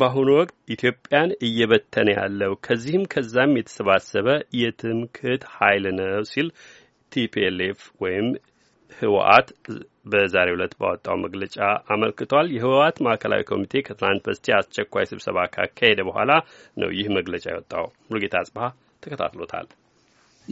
በአሁኑ ወቅት ኢትዮጵያን እየበተነ ያለው ከዚህም ከዛም የተሰባሰበ የትምክህት ኃይል ነው ሲል ቲፒኤልኤፍ ወይም ህወአት በዛሬ ዕለት ባወጣው መግለጫ አመልክቷል። የህወአት ማዕከላዊ ኮሚቴ ከትናንት በስቲያ አስቸኳይ ስብሰባ ካካሄደ በኋላ ነው ይህ መግለጫ የወጣው። ሙሉጌታ አጽብሃ ተከታትሎታል።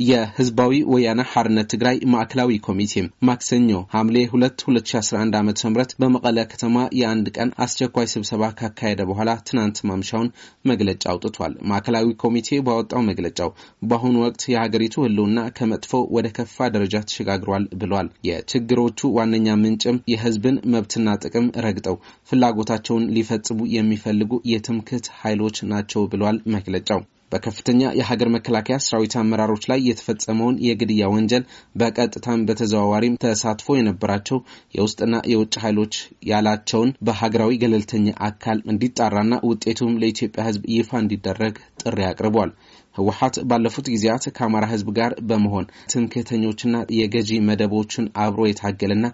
የህዝባዊ ወያነ ሐርነት ትግራይ ማዕከላዊ ኮሚቴ ማክሰኞ ሐምሌ 2 2011 ዓ ም በመቀለ ከተማ የአንድ ቀን አስቸኳይ ስብሰባ ካካሄደ በኋላ ትናንት ማምሻውን መግለጫ አውጥቷል። ማዕከላዊ ኮሚቴ ባወጣው መግለጫው በአሁኑ ወቅት የሀገሪቱ ህልውና ከመጥፎ ወደ ከፋ ደረጃ ተሸጋግሯል ብሏል። የችግሮቹ ዋነኛ ምንጭም የህዝብን መብትና ጥቅም ረግጠው ፍላጎታቸውን ሊፈጽሙ የሚፈልጉ የትምክህት ኃይሎች ናቸው ብሏል መግለጫው። በከፍተኛ የሀገር መከላከያ ሰራዊት አመራሮች ላይ የተፈጸመውን የግድያ ወንጀል በቀጥታም በተዘዋዋሪም ተሳትፎ የነበራቸው የውስጥና የውጭ ኃይሎች ያላቸውን በሀገራዊ ገለልተኛ አካል እንዲጣራና ውጤቱም ለኢትዮጵያ ሕዝብ ይፋ እንዲደረግ ጥሪ አቅርቧል። ህወሀት ባለፉት ጊዜያት ከአማራ ህዝብ ጋር በመሆን ትምክህተኞችና የገዢ መደቦችን አብሮ የታገለና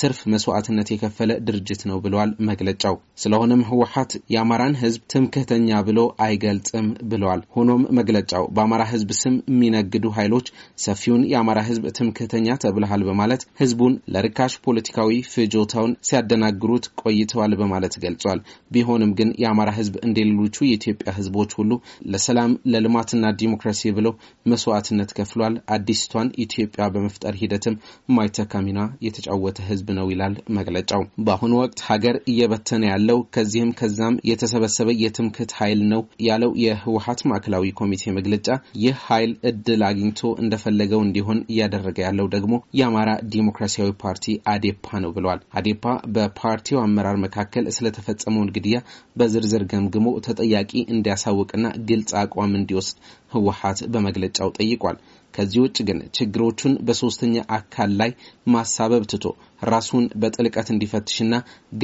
ትርፍ መስዋዕትነት የከፈለ ድርጅት ነው ብለዋል መግለጫው። ስለሆነም ህወሀት የአማራን ህዝብ ትምክህተኛ ብሎ አይገልጽም ብለዋል። ሆኖም መግለጫው በአማራ ህዝብ ስም የሚነግዱ ኃይሎች ሰፊውን የአማራ ህዝብ ትምክህተኛ ተብልሃል በማለት ህዝቡን ለርካሽ ፖለቲካዊ ፍጆታውን ሲያደናግሩት ቆይተዋል በማለት ገልጿል። ቢሆንም ግን የአማራ ህዝብ እንደሌሎቹ የኢትዮጵያ ህዝቦች ሁሉ ለሰላም ለልማትና ዲሞክራሲ ብለው መስዋዕትነት ከፍሏል። አዲስቷን ኢትዮጵያ በመፍጠር ሂደትም ማይተካ ሚና የተጫወተ ህዝብ ነው ይላል መግለጫው። በአሁኑ ወቅት ሀገር እየበተነ ያለው ከዚህም ከዛም የተሰበሰበ የትምክህት ኃይል ነው ያለው የህወሀት ማዕከላዊ ኮሚቴ መግለጫ፣ ይህ ኃይል እድል አግኝቶ እንደፈለገው እንዲሆን እያደረገ ያለው ደግሞ የአማራ ዲሞክራሲያዊ ፓርቲ አዴፓ ነው ብለዋል። አዴፓ በፓርቲው አመራር መካከል ስለተፈጸመውን ግድያ በዝርዝር ገምግሞ ተጠያቂ እንዲያሳውቅና ግልጽ አቋም እንዲወስድ ህወሀት በመግለጫው ጠይቋል። ከዚህ ውጭ ግን ችግሮቹን በሶስተኛ አካል ላይ ማሳበብ ትቶ ራሱን በጥልቀት እንዲፈትሽና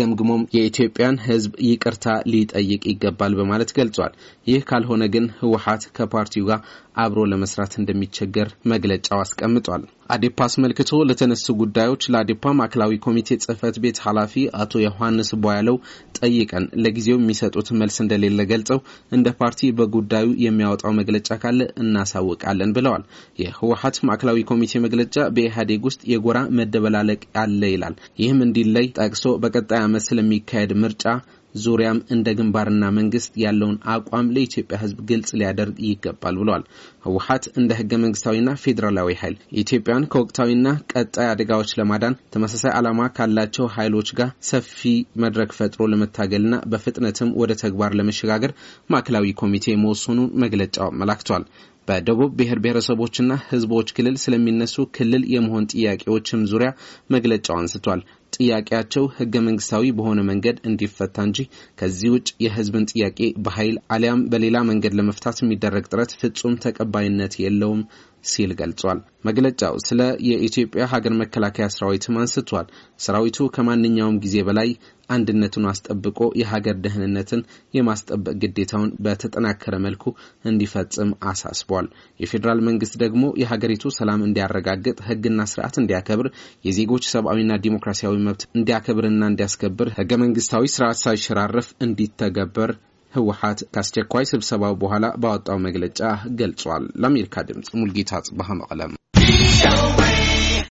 ገምግሞም የኢትዮጵያን ህዝብ ይቅርታ ሊጠይቅ ይገባል በማለት ገልጿል። ይህ ካልሆነ ግን ህወሀት ከፓርቲው ጋር አብሮ ለመስራት እንደሚቸገር መግለጫው አስቀምጧል። አዴፓ አስመልክቶ ለተነሱ ጉዳዮች ለአዴፓ ማዕከላዊ ኮሚቴ ጽህፈት ቤት ኃላፊ አቶ ዮሐንስ ቧያለው ጠይቀን ለጊዜው የሚሰጡት መልስ እንደሌለ ገልጸው እንደ ፓርቲ በጉዳዩ የሚያወጣው መግለጫ ካለ እናሳውቃለን ብለዋል። የህወሀት ማዕከላዊ ኮሚቴ መግለጫ በኢህአዴግ ውስጥ የጎራ መደበላለቅ አለ ይላል። ይህም እንዲለይ ጠቅሶ በቀጣይ ዓመት ስለሚካሄድ ምርጫ ዙሪያም እንደ ግንባርና መንግስት ያለውን አቋም ለኢትዮጵያ ህዝብ ግልጽ ሊያደርግ ይገባል ብለዋል። ህወሀት እንደ ህገ መንግስታዊና ፌዴራላዊ ኃይል ኢትዮጵያን ከወቅታዊና ቀጣይ አደጋዎች ለማዳን ተመሳሳይ ዓላማ ካላቸው ኃይሎች ጋር ሰፊ መድረክ ፈጥሮ ለመታገልና በፍጥነትም ወደ ተግባር ለመሸጋገር ማዕከላዊ ኮሚቴ መወሰኑን መግለጫው አመላክቷል። በደቡብ ብሔር ብሔረሰቦችና ህዝቦች ክልል ስለሚነሱ ክልል የመሆን ጥያቄዎችም ዙሪያ መግለጫው አንስቷል። ጥያቄያቸው ህገ መንግስታዊ በሆነ መንገድ እንዲፈታ እንጂ ከዚህ ውጭ የህዝብን ጥያቄ በኃይል አሊያም በሌላ መንገድ ለመፍታት የሚደረግ ጥረት ፍጹም ተቀባይነት የለውም ሲል ገልጿል። መግለጫው ስለ የኢትዮጵያ ሀገር መከላከያ ሰራዊትም አንስቷል። ሰራዊቱ ከማንኛውም ጊዜ በላይ አንድነቱን አስጠብቆ የሀገር ደህንነትን የማስጠበቅ ግዴታውን በተጠናከረ መልኩ እንዲፈጽም አሳስቧል። የፌዴራል መንግስት ደግሞ የሀገሪቱ ሰላም እንዲያረጋግጥ፣ ህግና ስርዓት እንዲያከብር፣ የዜጎች ሰብአዊና ዲሞክራሲያዊ መብት እንዲያከብርና እንዲያስከብር፣ ህገ መንግስታዊ ስርዓት ሳይሸራረፍ እንዲተገበር ህወሓት ከአስቸኳይ ስብሰባው በኋላ ባወጣው መግለጫ ገልጿል። ለአሜሪካ ድምፅ ሙልጌታ ጽባህ መቀለም